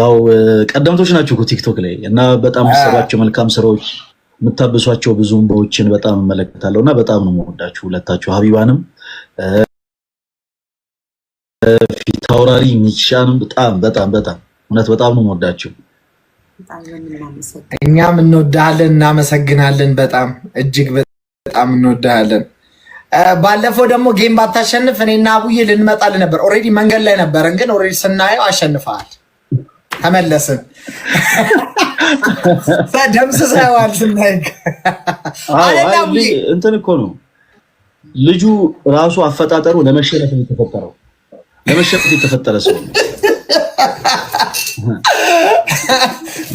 ያው ቀደምቶች ናችሁ ቲክቶክ ላይ እና በጣም የምትሰሯቸው መልካም ስራዎች የምታብሷቸው ብዙ እንባዎችን በጣም እመለከታለሁ እና በጣም ነው የምወዳችሁ ሁለታችሁ፣ ሀቢባንም ፊታውራሪ ሚሻንም በጣም በጣም በጣም እውነት በጣም ነው የምወዳችሁ። እኛም እንወዳሃለን፣ እናመሰግናለን። በጣም እጅግ በጣም እንወዳለን። ባለፈው ደግሞ ጌም ባታሸንፍ እኔና አቡዬ ልንመጣል ነበር። ኦልሬዲ መንገድ ላይ ነበረን፣ ግን ኦልሬዲ ስናየው አሸንፈሃል። ተመለስን። ደምስሰዋል። ስናይ እንትን እኮ ነው ልጁ ራሱ አፈጣጠሩ ለመሸነፍ የተፈጠረው ለመሸነፍ የተፈጠረ ሰው ነው።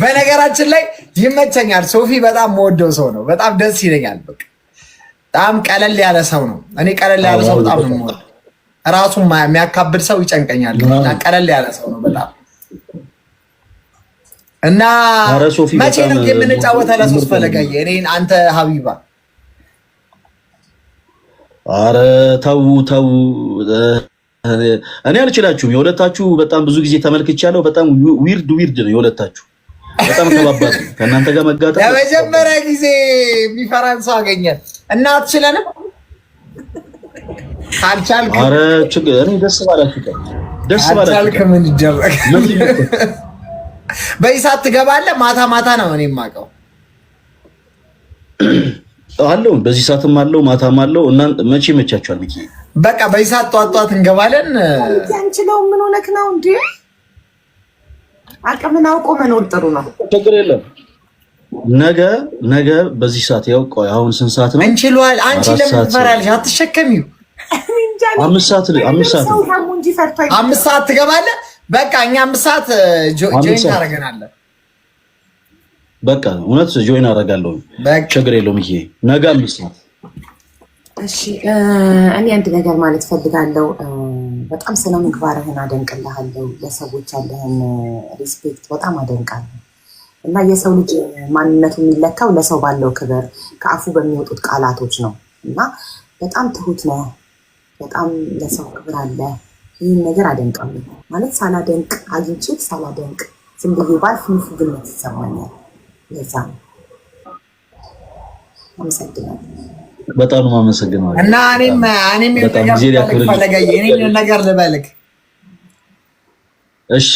በነገራችን ላይ ይመቸኛል። ሶፊ በጣም መወደው ሰው ነው። በጣም ደስ ይለኛል። በጣም ቀለል ያለ ሰው ነው። እኔ ቀለል ያለ ሰው በጣም ነው ራሱ የሚያካብድ ሰው ይጨንቀኛል። ቀለል ያለ ሰው ነው በጣም እና መቼ ነው የምንጫወተው? ለሶስት ፈለጋዬ እኔን አንተ ሀቢባ አረ ተው ተው፣ እኔ አልችላችሁም። የሁለታችሁ በጣም ብዙ ጊዜ ተመልክቻለሁ። በጣም ዊርድ ዊርድ ነው የሁለታችሁ። በጣም ከባባድ ነው ከእናንተ ጋር መጋጠም። ለመጀመሪያ ጊዜ የሚፈራን ሰው አገኘን እና አትችለንም። ካልቻልክ፣ ኧረ ደስ ባላችሁ ደስ ባላችሁ ቀን በይሳት ትገባለህ? ማታ ማታ ነው እኔ የማውቀው አለው። በዚህ ሰዓትም አለው፣ ማታም አለው። እና መቼ መቻቸዋል? ሚኪ በቃ በኢሳት ጧት ጧት እንገባለን። አንችለው ምን ሆነክ ነው እንዴ? አቅምን አውቆ መኖር ጥሩ ነው። ችግር የለም። ነገ ነገ በዚህ ሰዓት ያው ቆይ፣ አሁን ስንት ሰዓት ነው? እንችለዋል። አንቺ ለምን ትፈራለሽ? አትሸከሚው። አምስት ሰዓት አምስት ሰዓት አምስት ሰዓት ትገባለህ በቃ እኛ አምስት ሰዓት ጆይን ታደርገናለህ። በቃ እውነት ጆይን አደርጋለሁ። ችግር የለውም። ይሄ ነገ አምስት ሰዓት። እሺ፣ እኔ አንድ ነገር ማለት ፈልጋለሁ። በጣም ስነ ምግባርህን አደንቅልሃለሁ። ለሰዎች ያለህን ሪስፔክት በጣም አደንቃለሁ። እና የሰው ልጅ ማንነቱ የሚለካው ለሰው ባለው ክብር፣ ከአፉ በሚወጡት ቃላቶች ነው። እና በጣም ትሁት ነህ። በጣም ለሰው ክብር አለህ። ይህን ነገር አደንቃለሁ ማለት ሳላደንቅ አግኝቼ ሳላደንቅ ዝም ብዬ ባልፍ ንፉግነት ይሰማኛል። ለዛ ነው። አመሰግናለሁ። በጣም ነው አመሰግናለሁ። እና እኔም እኔም የፈለገኝ ነገር ልበልክ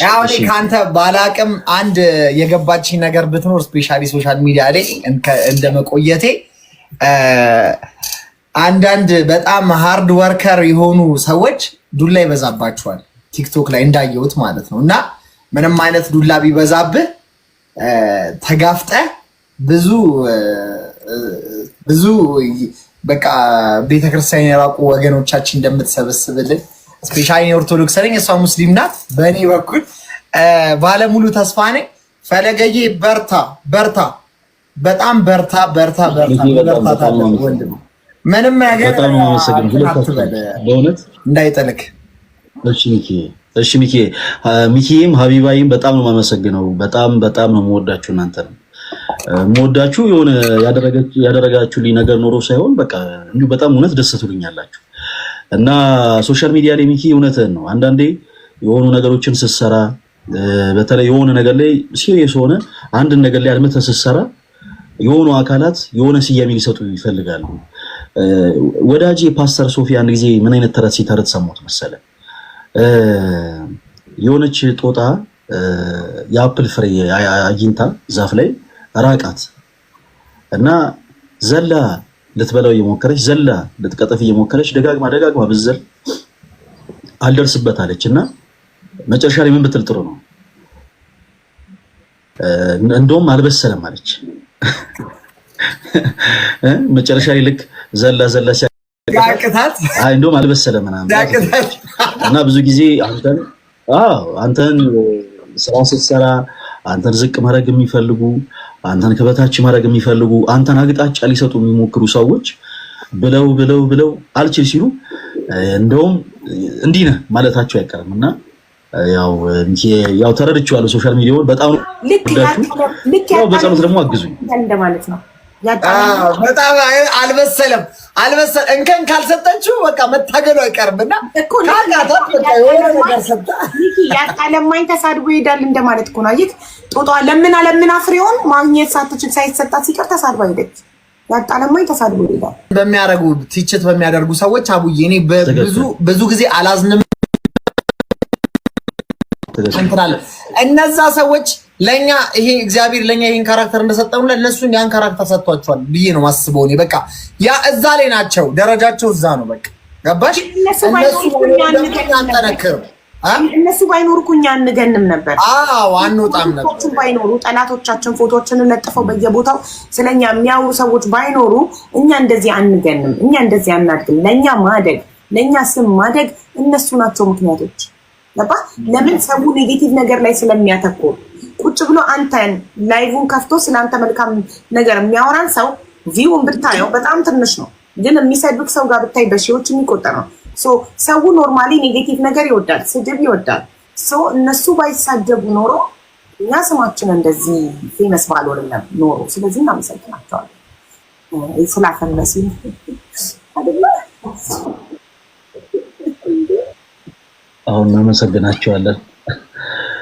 ያው እኔ ከአንተ ባላቅም አንድ የገባችኝ ነገር ብትኖር ስፔሻሊ ሶሻል ሚዲያ ላይ እንደ መቆየቴ አንዳንድ በጣም ሃርድ ወርከር የሆኑ ሰዎች ዱላ ይበዛባቸዋል ቲክቶክ ላይ እንዳየሁት ማለት ነው። እና ምንም አይነት ዱላ ቢበዛብህ ተጋፍጠ ብዙ ብዙ በቃ ቤተክርስቲያን የራቁ ወገኖቻችን እንደምትሰበስብልን ስፔሻሊ ኦርቶዶክስ ነኝ፣ እሷ ሙስሊም ናት። በእኔ በኩል ባለሙሉ ተስፋ ነኝ። ፈለገዬ በርታ በርታ፣ በጣም በርታ በርታ በርታ በርታ ወንድም ምንም ነገር በጣም አመሰግን በእውነት እሺ ሚኪ፣ እሺ ሀቢባይም በጣም ነው የማመሰግነው። በጣም በጣም ነው የምወዳችሁ። እናንተ ነው የምወዳችሁ። የሆነ ያደረጋችሁልኝ ነገር ኖሮ ሳይሆን በቃ እንዲሁ በጣም እውነት ደስ እና ሶሻል ሚዲያ ላይ ሚኪ እውነትህን ነው። አንዳንዴ የሆኑ ነገሮችን ስትሰራ በተለይ የሆነ ነገር ላይ ሲሪየስ ሆነ አንድን ነገር ላይ አድምተህ ስትሰራ የሆኑ አካላት የሆነ ስያሜ ሊሰጡ ይፈልጋሉ። ወዳጅ ፓስተር ሶፊ አንድ ጊዜ ምን አይነት ተረት ሲተረት ሰሞት መሰለ? የሆነች ጦጣ የአፕል ፍሬ አግኝታ ዛፍ ላይ ራቃት እና ዘላ ልትበላው እየሞከረች ዘላ ልትቀጠፍ እየሞከረች ደጋግማ ደጋግማ ብዝር አልደርስበታለች እና መጨረሻ ላይ ምን ብትል ጥሩ ነው እንደውም አልበሰለም አለች። መጨረሻ ላይ ልክ ዘላ ዘላ ሲያቅታት አይ እንደውም አልበሰለ ምናምን እና ብዙ ጊዜ አንተን አንተን ስራ ስትሰራ አንተን ዝቅ ማድረግ የሚፈልጉ አንተን ከበታች ማድረግ የሚፈልጉ አንተን አቅጣጫ ሊሰጡ የሚሞክሩ ሰዎች ብለው ብለው ብለው አልችል ሲሉ እንደውም እንዲህ ነህ ማለታቸው አይቀርም እና ያው ያው ተረድቼዋለሁ። ሶሻል ሚዲያውን በጣም ልክ ያው በጸሎት ደግሞ አግዙኝ እንደማለት ነው። በጣም አልበሰለም እንከን ካልሰጠችው በቃ መታገሉ አይቀርምና ያጣለማኝ ተሳድቦ ይሄዳል እንደማለት እኮ ነው። ይህ ጦጧ ለምና ለምና ፍሬውን ማግኘት ሳትችል ሳይሰጣት ሲቀር ተሳድባ ሄደች። ያጣለማኝ ተሳድቦ ይሄዳል። በሚያደርጉ ትችት በሚያደርጉ ሰዎች አቡዬ እኔ ብዙ ጊዜ አላዝንም። እነዛ ሰዎች ለኛ ይሄ እግዚአብሔር ለኛ ይሄን ካራክተር እንደሰጠው ለነሱ ያን ካራክተር ሰጥቷቸዋል ብዬ ነው ማስበው። እኔ በቃ ያ እዛ ላይ ናቸው፣ ደረጃቸው እዛ ነው። በቃ ገባሽ? እነሱ ባይኖሩ እኮ እኛ አንገንም ነበር። አዎ አንወጣም ነበር። ባይኖሩ ጠላቶቻችን ፎቶዎችን ለጥፈው በየቦታው ስለኛ የሚያወሩ ሰዎች ባይኖሩ እኛ እንደዚህ አንገንም፣ እኛ እንደዚህ አናድግም። ለኛ ማደግ፣ ለኛ ስም ማደግ እነሱ ናቸው ምክንያቶች። ለምን ሰው ኔጌቲቭ ነገር ላይ ስለሚያተኩር ቁጭ ብሎ አንተን ላይቭን ከፍቶ ስለ አንተ መልካም ነገር የሚያወራን ሰው ቪውን ብታየው በጣም ትንሽ ነው፣ ግን የሚሰድብክ ሰው ጋር ብታይ በሺዎች የሚቆጠር ነው። ሰው ኖርማሊ ኔጌቲቭ ነገር ይወዳል፣ ስድብ ይወዳል። እነሱ ባይሳደቡ ኖሮ እኛ ስማችን እንደዚህ ፌመስ ባልሆንም ኖሮ። ስለዚህ እናመሰግናቸዋለን ስላፈመሲ አሁን እናመሰግናቸዋለን።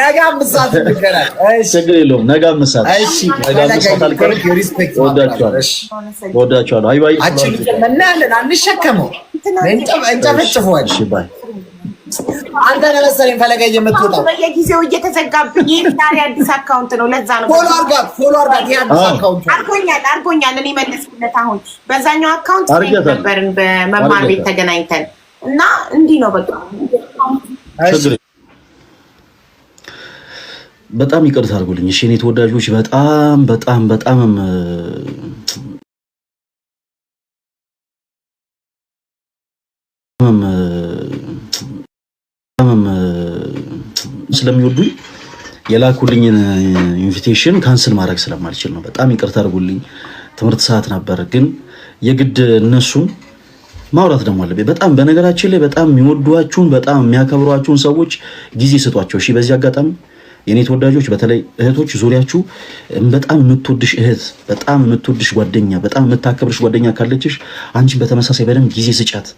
ነገ አምስት እንገናኝ። ችግር የለውም። ነገ እናያለን። አንሸከመው፣ አንተ ነው መሰለኝ ፈለገ የምትወጣው። በየጊዜው እየተዘጋብኝ አዲስ አካውንት ነው። ለዛ ነው ፎሎ ፎሎ አዲስ አካውንት እኔ መለስኩለት። አሁን በዛኛው አካውንት ነበርን በመማር ቤት ተገናኝተን እና እንዲህ ነው በቃ በጣም ይቅርታ አድርጉልኝ። እሺ እኔ ተወዳጆች በጣም በጣም በጣም ስለሚወዱኝ የላኩልኝን ኢንቪቴሽን ካንስል ማድረግ ስለማልችል ነው። በጣም ይቅርታ አድርጉልኝ። ትምህርት ሰዓት ነበር፣ ግን የግድ እነሱም ማውራት ደግሞ አለብኝ። በጣም በነገራችን ላይ በጣም የሚወዷችሁን በጣም የሚያከብሯችሁን ሰዎች ጊዜ ስጧቸው። እሺ በዚህ አጋጣሚ የኔ ተወዳጆች፣ በተለይ እህቶች ዙሪያችሁ በጣም የምትወድሽ እህት፣ በጣም የምትወድሽ ጓደኛ፣ በጣም የምታከብርሽ ጓደኛ ካለችሽ አንቺ በተመሳሳይ በደንብ ጊዜ ስጫት።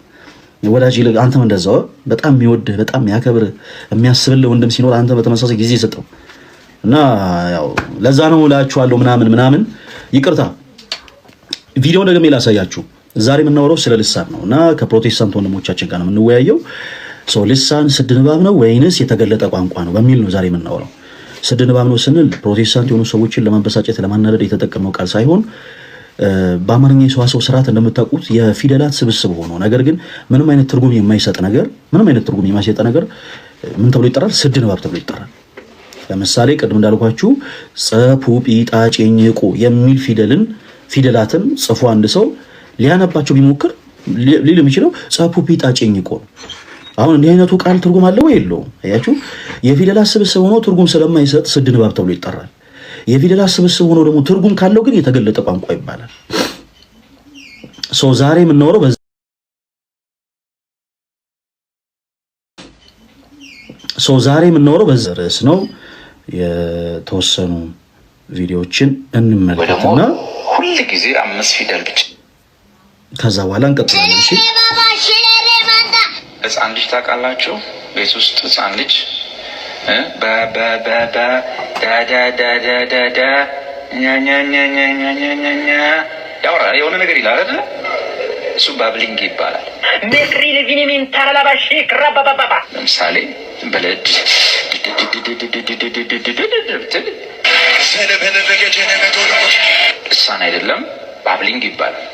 ወዳጅ ይልቅ አንተም እንደዛው በጣም የሚወድህ በጣም የሚያከብርህ የሚያስብልህ ወንድም ሲኖር አንተ በተመሳሳይ ጊዜ ሰጠው እና ያው ለዛ ነው እላችኋለሁ። ምናምን ምናምን ይቅርታ ቪዲዮ ደግሜ ላሳያችሁ። ዛሬ የምናወራው ስለ ልሳን ነው እና ከፕሮቴስታንት ወንድሞቻችን ጋር ነው የምንወያየው። ሰው ልሳን ስድ ንባብ ነው ወይንስ የተገለጠ ቋንቋ ነው በሚል ነው ዛሬ የምናወራው። ስድ ንባብ ነው ስንል ፕሮቴስታንት የሆኑ ሰዎችን ለማበሳጨት ለማናደድ የተጠቀመው ቃል ሳይሆን በአማርኛ የሰዋሰው ስርዓት እንደምታውቁት የፊደላት ስብስብ ሆኖ ነገር ግን ምንም አይነት ትርጉም የማይሰጥ ነገር ምንም አይነት ትርጉም የማይሰጥ ነገር ምን ተብሎ ይጠራል? ስድ ንባብ ተብሎ ይጠራል። ለምሳሌ ቅድም እንዳልኳችሁ ጸፑ ጲጣ ጬኝቁ የሚል ፊደልን ፊደላትን ጽፎ አንድ ሰው ሊያነባቸው ቢሞክር ሊል የሚችለው ጸፑ ጲጣ ጬኝቆ ነው። አሁን እንዲህ አይነቱ ቃል ትርጉም አለ ወይ የለውም? አያችሁ፣ የፊደላት ስብስብ ሆኖ ትርጉም ስለማይሰጥ ስድ ንባብ ተብሎ ይጠራል። የፊደላት ስብስብ ሆኖ ደግሞ ትርጉም ካለው ግን የተገለጠ ቋንቋ ይባላል። ሰው ዛሬ የምናወራው ሰው ዛሬ የምናወራው በዛ ርዕስ ነው። የተወሰኑ ቪዲዮዎችን እንመለከትና ሁል ጊዜ አምስት ፊደል ብቻ ከዛ በኋላ እንቀጥላለን። እሺ ህፃን ልጅ ታውቃላችሁ፣ ቤት ውስጥ ህፃን ልጅ በዳዳዳዳዳዳ የሆነ ነገር ይላል አይደለ? እሱ ባብሊንግ ይባላል። ለምሳሌ በለድ ልሳን አይደለም፣ ባብሊንግ ይባላል።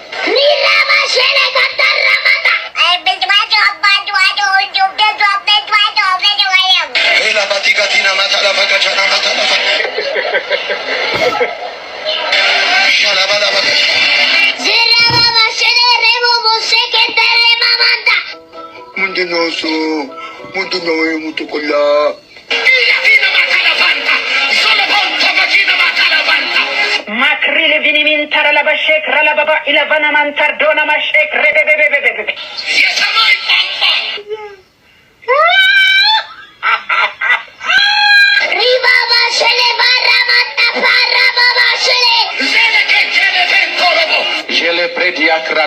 baba. Zira Mundo nosso, mundo meu e muito colá. Makrili vinimin taralaba şek ralababa ilavana mantar donama şek rebebebebebebe.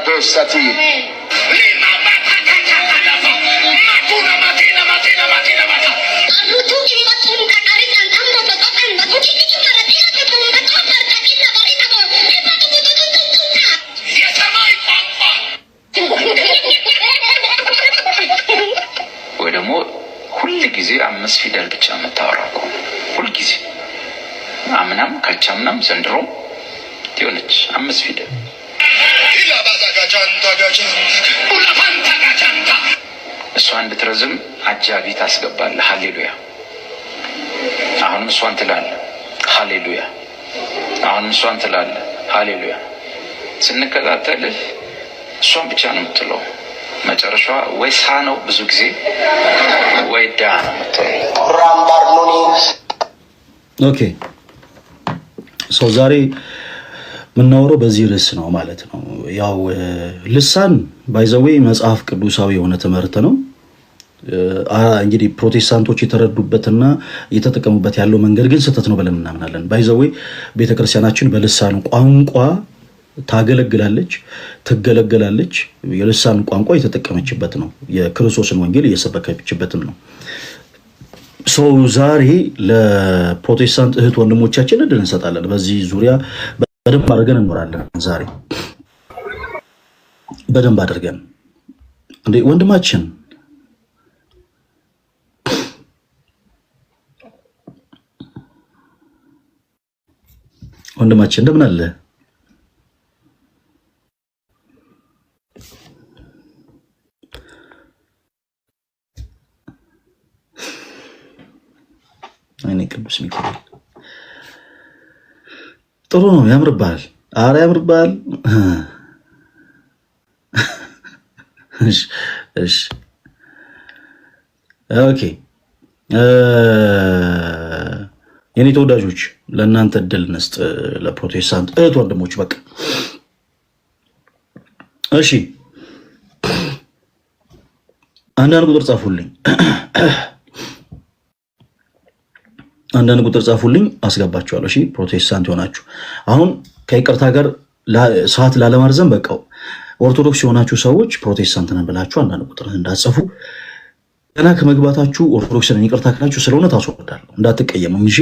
Kadosati. ወይ ደግሞ ሁል ጊዜ አምስት ፊደል ብቻ የምታወራ አምናም ካቻምናም ዘንድሮም አምስት ፊደል እሷ እንድትረዝም አጃቢ ታስገባለ። ሀሌሉያ። አሁንም እሷን ትላለ። ሀሌሉያ። አሁንም እሷን ትላለ። ሀሌሉያ። ስንከታተልህ እሷን ብቻ ነው የምትለው። መጨረሻዋ ወይ ሳ ነው ብዙ ጊዜ ወይ ዳ ነው የምትለው። ኦኬ ሰው ዛሬ የምናወረው በዚህ ርዕስ ነው ማለት ነው። ያው ልሳን ባይዘዌ መጽሐፍ ቅዱሳዊ የሆነ ትምህርት ነው። እንግዲህ ፕሮቴስታንቶች የተረዱበትና እየተጠቀሙበት ያለው መንገድ ግን ስህተት ነው ብለን እናምናለን። ባይዘዌ ቤተክርስቲያናችን በልሳን ቋንቋ ታገለግላለች፣ ትገለገላለች። የልሳን ቋንቋ የተጠቀመችበት ነው። የክርስቶስን ወንጌል እየሰበከችበትም ነው። ሰው ዛሬ ለፕሮቴስታንት እህት ወንድሞቻችን እድል እንሰጣለን በዚህ ዙሪያ በደንብ አድርገን እንኖራለን። ዛሬ በደንብ አድርገን እንዴ ወንድማችን ወንድማችን እንደምን አለ? አይኔ ቅዱስ ሚካኤል ጥሩ ነው። ያምርብሃል። አረ ያምርብሃል። እሺ ኦኬ። የኔ ተወዳጆች ለእናንተ እድል እንስጥ፣ ለፕሮቴስታንት እህት ወንድሞች በቃ እሺ፣ አንዳንድ ቁጥር ጻፉልኝ። አንዳንድ ቁጥር ጻፉልኝ አስገባችኋለሁ። እሺ ፕሮቴስታንት የሆናችሁ አሁን ከይቅርታ ጋር ሰዓት ላለማርዘም በቃው። ኦርቶዶክስ የሆናችሁ ሰዎች ፕሮቴስታንት ነን ብላችሁ አንዳንድ ቁጥር እንዳጸፉ ገና ከመግባታችሁ ኦርቶዶክስ ነን ይቅርታ ካላችሁ ስለሆነ ታስወዳለሁ። እንዳትቀየምም እሺ።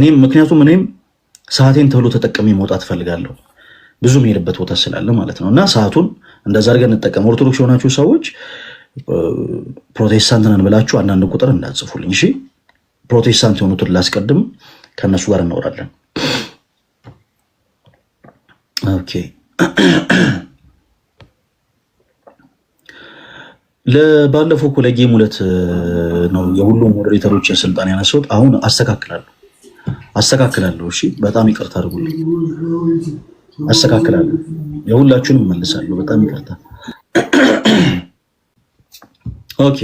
እኔም ምክንያቱም እኔም ሰዓቴን ተብሎ ተጠቀሚ መውጣት ፈልጋለሁ ብዙ የሄድበት ቦታ ስላለ ማለት ነው። እና ሰዓቱን እንደዛ አድርገን እንጠቀም። ኦርቶዶክስ የሆናችሁ ሰዎች ፕሮቴስታንት ነን ብላችሁ አንዳንድ ቁጥር እንዳጽፉልኝ እሺ። ፕሮቴስታንት የሆኑትን ላስቀድም፣ ከእነሱ ጋር እናወራለን። ኦኬ ለባለፈው እኮ ለጌም ሁለት ነው የሁሉም ሞዴሬተሮችን ስልጣን ያነሰውት። አሁን አስተካክላለሁ አስተካክላለሁ። እሺ በጣም ይቅርታ አድርጉልኝ። አስተካክላለሁ፣ የሁላችሁንም መልሳለሁ። በጣም ይቅርታ። ኦኬ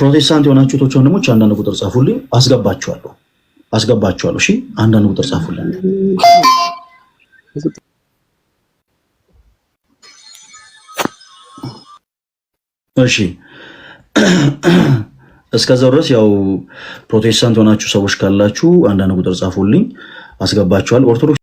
ፕሮቴስታንት የሆናችሁ ቶች ወንድሞች አንዳንድ ቁጥር ጻፉልኝ፣ አስገባችኋለሁ አስገባችኋለሁ። እሺ አንዳንድ ቁጥር ጻፉልኝ። እሺ እስከዛው ድረስ ያው ፕሮቴስታንት የሆናችሁ ሰዎች ካላችሁ አንዳንድ ቁጥር ጻፉልኝ፣ አስገባችኋል ኦርቶዶክስ